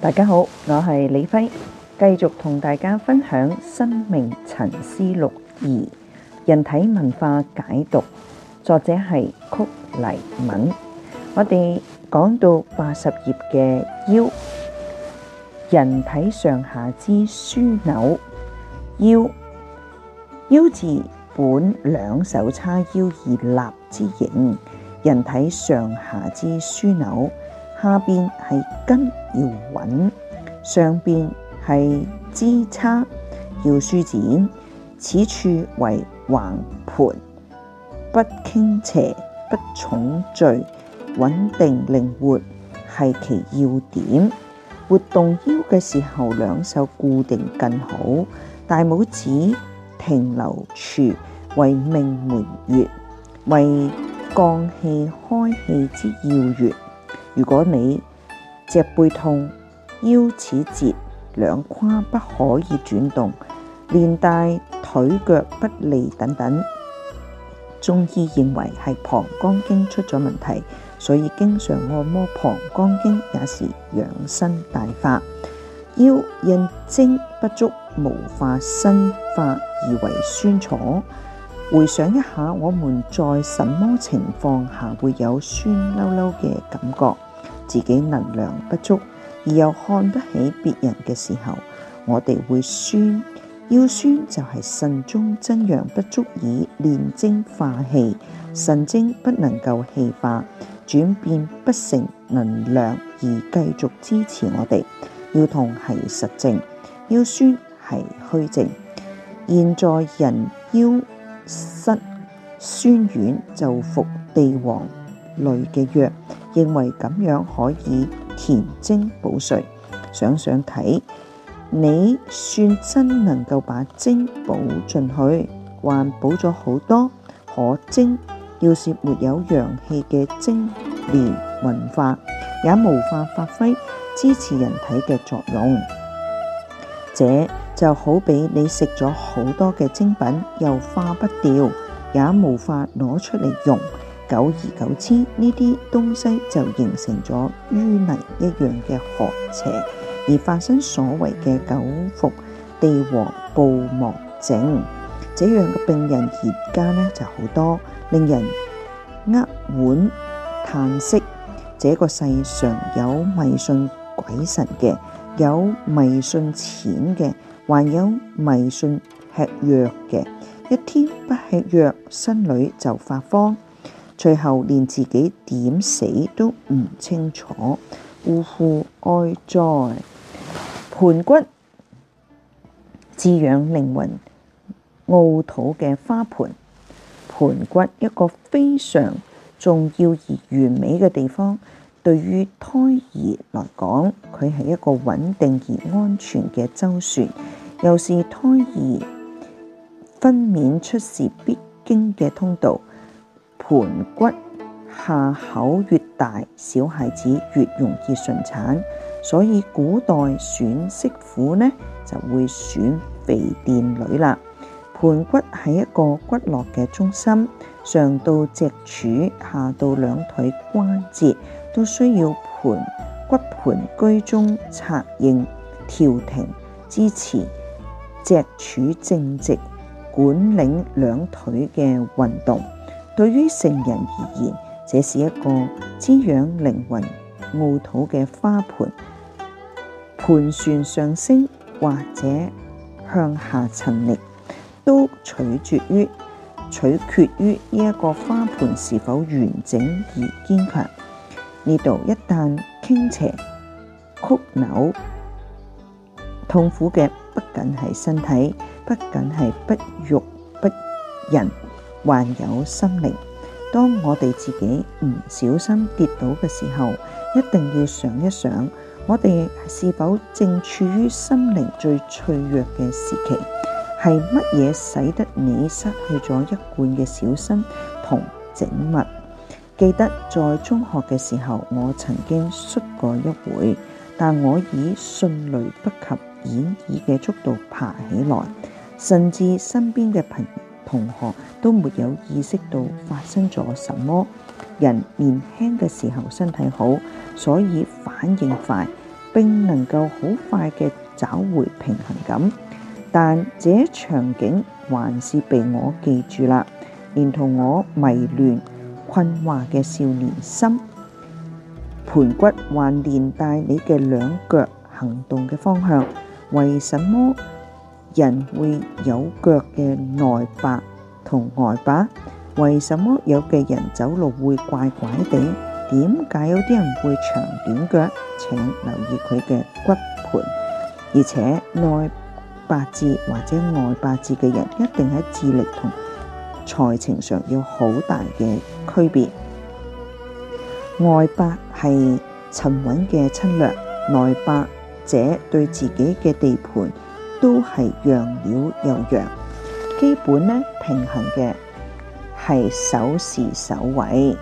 大家好，我係李輝，繼續同大家分享《生命沉思錄二：人體文化解讀》，作者係曲黎敏。我哋講到八十頁嘅腰，人體上下之樞紐，腰。腰字本兩手叉腰而立之形，人體上下之樞紐。下邊係根要穩，上邊係支叉要舒展，此處為橫盤，不傾斜不重聚，穩定靈活係其要點。活動腰嘅時候，兩手固定更好，大拇指停留處為命門穴，為降氣開氣之要穴。如果你脊背痛、腰似折、兩胯不可以轉動、連帶腿腳不利等等，中醫認為係膀胱經出咗問題，所以經常按摩膀胱經也是養生大法。腰因精不足，無法生發而為酸楚。回想一下，我們在什麼情況下會有酸溜溜嘅感覺？自己能量不足，而又看不起別人嘅時候，我哋會酸。腰酸就係腎中真陽不足以煉精化氣，腎精不能夠氣化，轉變不成能量而繼續支持我哋。腰痛係實症，腰酸係虛症。現在人腰膝酸軟就服地黃。類嘅藥，認為咁樣可以填精補髓。想想睇，你算真能夠把精補進去，還補咗好多。可精要是沒有陽氣嘅精液文化，也無法發揮支持人體嘅作用。這就好比你食咗好多嘅精品，又化不掉，也無法攞出嚟用。久而久之，呢啲東西就形成咗淤泥一樣嘅寒邪，而發生所謂嘅九伏地和暴亡症。這樣嘅病人而家呢就好多，令人扼腕嘆息。這個世上有迷信鬼神嘅，有迷信錢嘅，還有迷信吃藥嘅。一天不吃藥，心裏就發慌。最後連自己點死都唔清楚，嗚呼哀哉。盆骨，滋養靈魂奧土嘅花盆，盆骨一個非常重要而完美嘅地方，對於胎兒嚟講，佢係一個穩定而安全嘅舟船，又是胎兒分娩出時必經嘅通道。盆骨下口越大，小孩子越容易順產，所以古代選媳婦呢就會選肥墊女啦。盆骨係一個骨骼嘅中心，上到脊柱，下到兩腿關節，都需要盆骨盆居中策應、調停、支持脊柱正直，管領兩腿嘅運動。對於成人而言，這是一個滋養靈魂沃土嘅花盆。盤旋上升或者向下沉溺，都取決於取決於呢一個花盆是否完整而堅強。呢度一旦傾斜、曲扭，痛苦嘅不僅係身體，不僅係不育不仁。還有心靈，當我哋自己唔小心跌倒嘅時候，一定要想一想，我哋是否正處於心靈最脆弱嘅時期？係乜嘢使得你失去咗一貫嘅小心同整物。記得在中學嘅時候，我曾經摔過一回，但我以迅雷不及掩耳嘅速度爬起來，甚至身邊嘅朋友同學都沒有意識到發生咗什麼。人年輕嘅時候身體好，所以反應快，並能夠好快嘅找回平衡感。但這場景還是被我記住啦，連同我迷亂困惑嘅少年心。盆骨還連帶你嘅兩腳行動嘅方向，為什麼？人會有腳嘅內八同外八，為什麼有嘅人走路會怪怪地？點解有啲人會長短腳？請留意佢嘅骨盆，而且內八字或者外八字嘅人，一定喺智力同才情上有好大嘅區別。外八係沉穩嘅侵略，內八者對自己嘅地盤。都係揚了又揚，基本呢平衡嘅係手是手位，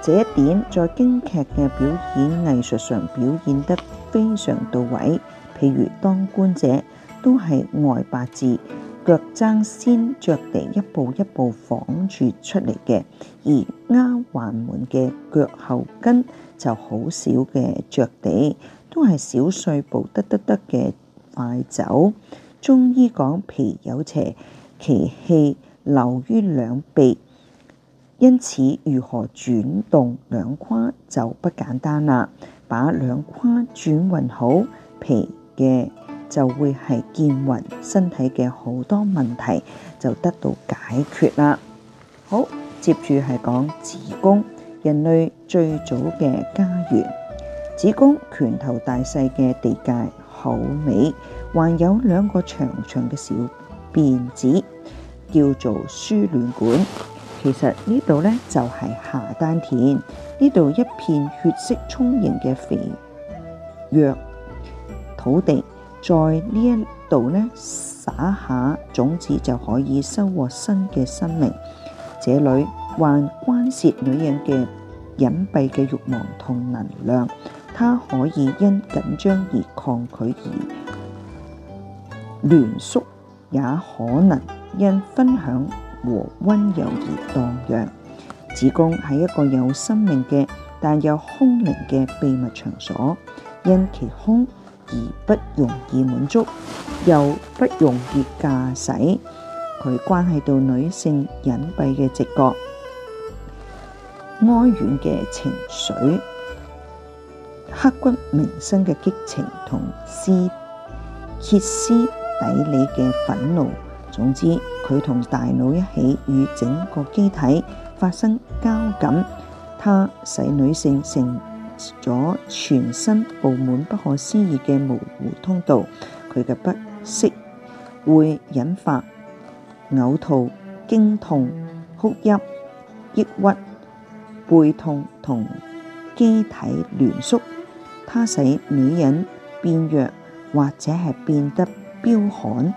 這一點在京劇嘅表演藝術上表現得非常到位。譬如當官者都係外八字，腳踭先着地，一步一步晃住出嚟嘅；而丫鬟們嘅腳後跟就好少嘅着地，都係小碎步得得得嘅。快走！中醫講脾有邪，其氣留於兩臂，因此如何轉動兩胯就不簡單啦。把兩胯轉運好，脾嘅就會係健運，身體嘅好多問題就得到解決啦。好，接住係講子宮，人類最早嘅家園，子宮拳頭大細嘅地界。好尾，還有兩個長長嘅小辮子，叫做輸卵管。其實呢度呢，就係、是、下丹田，呢度一片血色充盈嘅肥沃土地，在呢一度呢，撒下種子就可以收穫新嘅生命。這裏還關涉女人嘅隱蔽嘅慾望同能量。它可以因緊張而抗拒而攣縮，也可能因分享和温柔而蕩漾。子宮係一個有生命嘅，但又空靈嘅秘密場所，因其空而不容易滿足，又不容易駕駛。佢關係到女性隱蔽嘅直覺、哀怨嘅情緒。刻骨銘心嘅激情同歇歇斯底里嘅憤怒，總之佢同大腦一起與整個機體發生交感，它使女性成咗全身布滿不可思議嘅模糊通道。佢嘅不適會引發嘔吐、驚痛、哭泣、抑鬱、背痛同機體攣縮。它使女人變弱，或者係變得彪悍。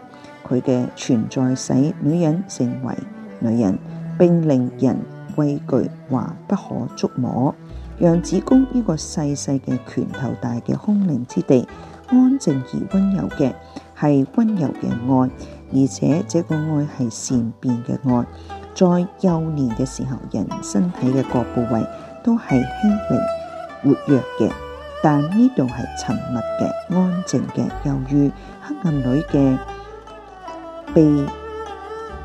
佢嘅存在使女人成為女人，並令人畏懼或不可觸摸。讓子宮呢個細細嘅拳頭大嘅空靈之地，安靜而溫柔嘅，係溫柔嘅愛，而且這個愛係善變嘅愛。在幼年嘅時候，人身體嘅各部位都係輕靈、活躍嘅。但呢度係沉默嘅、安靜嘅，由於黑暗裏嘅被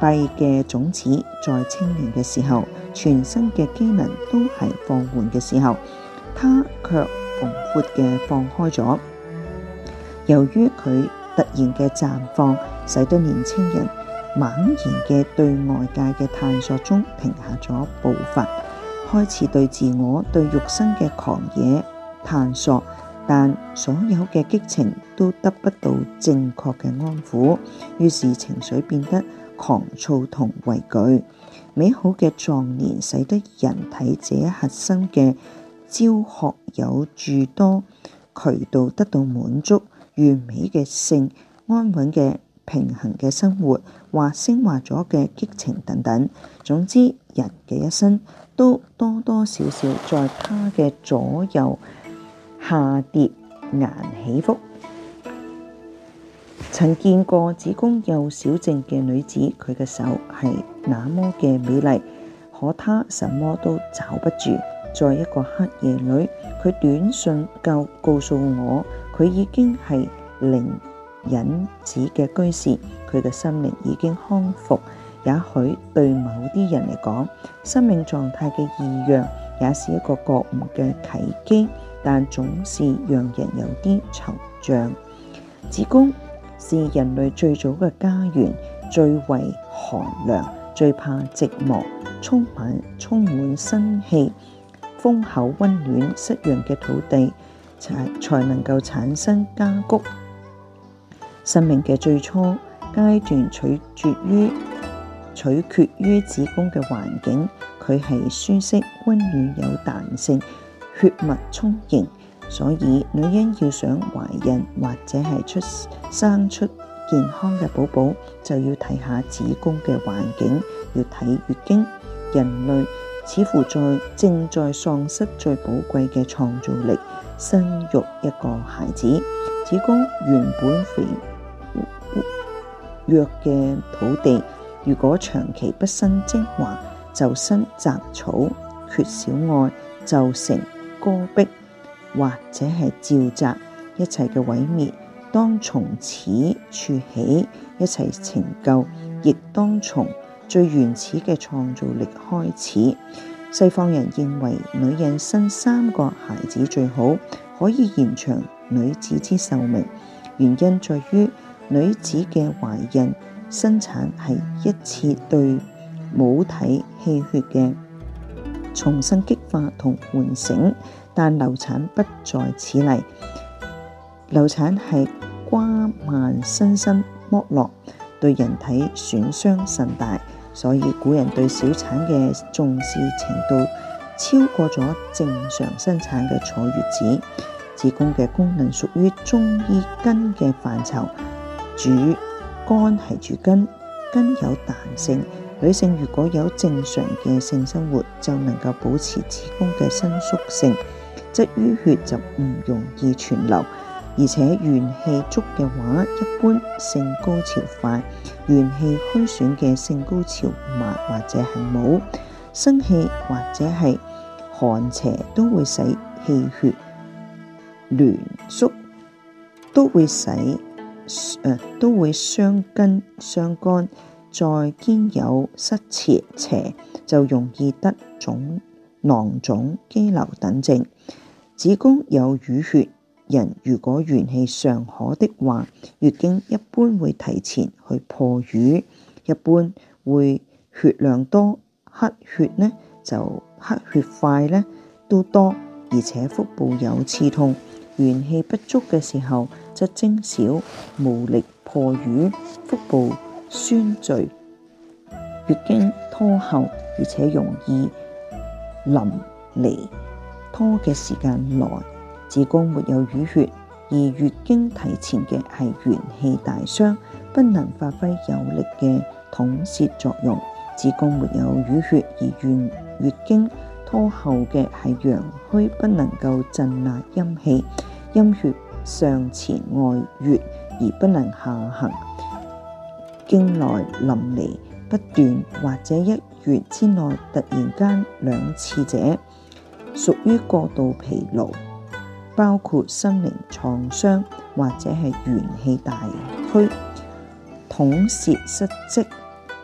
閉嘅種子，在青年嘅時候，全身嘅機能都係放緩嘅時候，他卻蓬闊嘅放開咗。由於佢突然嘅綻放，使得年青人猛然嘅對外界嘅探索中停下咗步伐，開始對自我、對肉身嘅狂野。探索，但所有嘅激情都得不到正確嘅安撫，於是情緒變得狂躁同畏懼。美好嘅壯年，使得人體這一核心嘅焦渴有諸多渠道得到滿足，完美嘅性、安穩嘅平衡嘅生活或升華咗嘅激情等等。總之，人嘅一生都多多少少在他嘅左右。下跌，顏起伏。曾見過子宮幼小症嘅女子，佢嘅手係那麼嘅美麗，可她什麼都找不住。在一個黑夜裏，佢短信告告訴我，佢已經係靈隱寺嘅居士，佢嘅生命已經康復。也許對某啲人嚟講，生命狀態嘅異樣，也是一個覺悟嘅契機。但總是讓人有啲惆悵。子宮是人類最早嘅家園，最為寒涼，最怕寂寞，充滿充滿生氣、豐厚溫暖、濕潤嘅土地才，才能夠產生家谷。生命嘅最初階段取決於取決於子宮嘅環境，佢係舒適、溫暖、有彈性。血脈充盈，所以女人要想懷孕或者係出生出健康嘅寶寶，就要睇下子宮嘅環境，要睇月經。人類似乎在正在喪失最寶貴嘅創造力，生育一個孩子。子宮原本肥沃嘅土地，如果長期不生精華，就生雜草；缺少愛，就成。戈壁或者係沼澤一切嘅毀滅，當從此處起，一切成就亦當從最原始嘅創造力開始。西方人認為女人生三個孩子最好，可以延長女子之壽命，原因在於女子嘅懷孕生產係一次對母體氣血嘅。重新激發同喚醒，但流產不在此例。流產係瓜蔓新生剝落，對人體損傷甚大，所以古人對小產嘅重視程度超過咗正常生產嘅坐月子。子宮嘅功能屬於中醫根嘅範疇，主肝係主根，根有彈性。女性如果有正常嘅性生活，就能夠保持子宮嘅伸縮性，積瘀血就唔容易存留。而且元氣足嘅話，一般性高潮快；元氣虛損嘅性高潮慢，啊，或者係冇。生氣或者係寒邪都會使氣血攣縮，呃，都會使誒都會傷筋傷肝。再兼有濕邪，邪，就容易得腫囊腫、肌瘤等症。子宮有淤血，人如果元氣尚可的話，月經一般會提前去破瘀，一般會血量多，黑血呢，就黑血塊呢，都多，而且腹部有刺痛。元氣不足嘅時候，則精少，無力破瘀，腹部酸墜、月經拖後，而且容易淋漓，拖嘅時間耐，子宮沒有淤血；而月經提前嘅係元氣大傷，不能發揮有力嘅統攝作用。子宮沒有淤血而元月經拖後嘅係陽虛，不能夠鎮納陰氣，陰血上前外越而不能下行。經來淋漓不斷，或者一月之內突然間兩次者，屬於過度疲勞，包括心靈創傷或者係元氣大虛、統攝失職。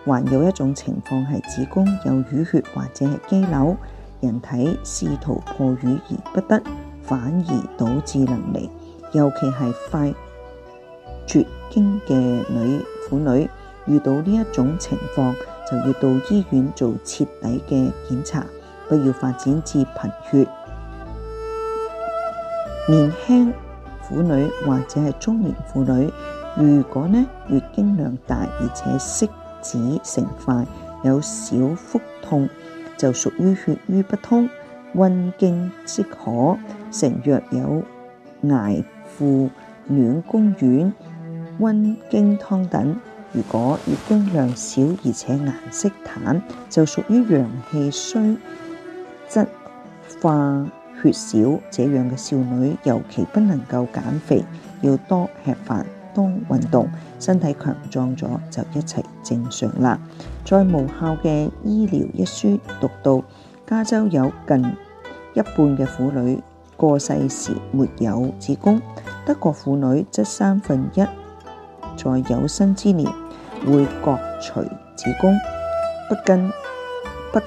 還有一種情況係子宮有淤血或者係肌瘤，人體試圖破瘀而不得，反而導致淋漓，尤其係快絕經嘅女。婦女遇到呢一種情況，就要到醫院做徹底嘅檢查，不要發展至貧血。年輕婦女或者係中年婦女，如果呢月經量大，而且色紫成塊，有小腹痛，就屬於血瘀不通，溫經即可。成藥有艾附、暖宮丸。溫經湯等，如果月經量少而且顏色淡，就屬於陽氣衰、質化血少。這樣嘅少女尤其不能夠減肥，要多吃飯、多運動，身體強壯咗就一切正常啦。在《無效嘅醫療》一書讀到，加州有近一半嘅婦女過世時沒有子宮，德國婦女則三分一。在有生之年會割除子宮，不跟、不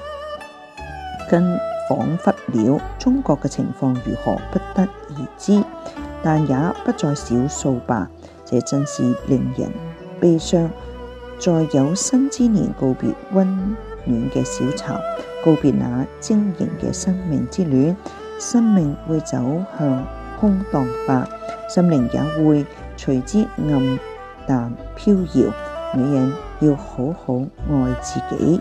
跟彷彿了，中國嘅情況如何不得而知，但也不在少數吧。這真是令人悲傷，在有生之年告別溫暖嘅小巢，告別那晶瑩嘅生命之戀，生命會走向空蕩化，心靈也會隨之暗。但飄搖，女人要好好愛自己。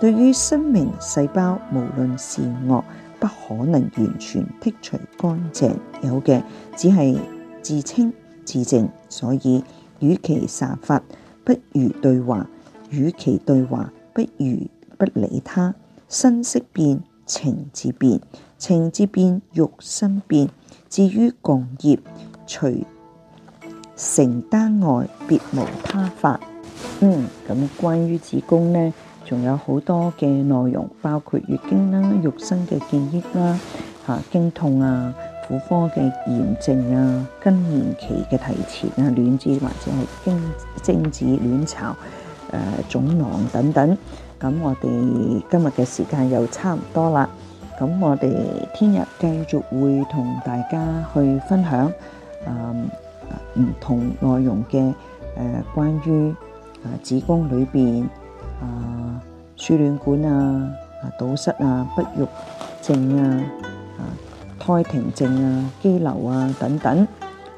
對於生命細胞，無論善惡，不可能完全剔除乾淨，有嘅只係自清自淨。所以，與其殺伐，不如對話；與其對話，不如不理他。身色變，情自變，情自變，肉身變。至於共業，除承擔外別無他法。嗯，咁關於子宮呢，仲有好多嘅內容，包括月經啦、肉身嘅記憶啦、啊經痛啊、婦科嘅炎症啊、更年期嘅提前啊、卵子或者係精精子卵巢誒、呃、腫囊等等。咁、啊、我哋今日嘅時間又差唔多啦，咁、啊、我哋聽日繼續會同大家去分享啊。唔同內容嘅誒，關於啊子宮裏邊啊輸卵管啊啊堵塞啊不育症啊啊胎停症啊肌瘤啊等等，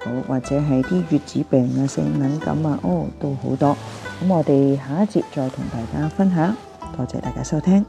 好或者係啲月子病啊性敏感啊哦都好多，咁我哋下一節再同大家分享，多謝大家收聽。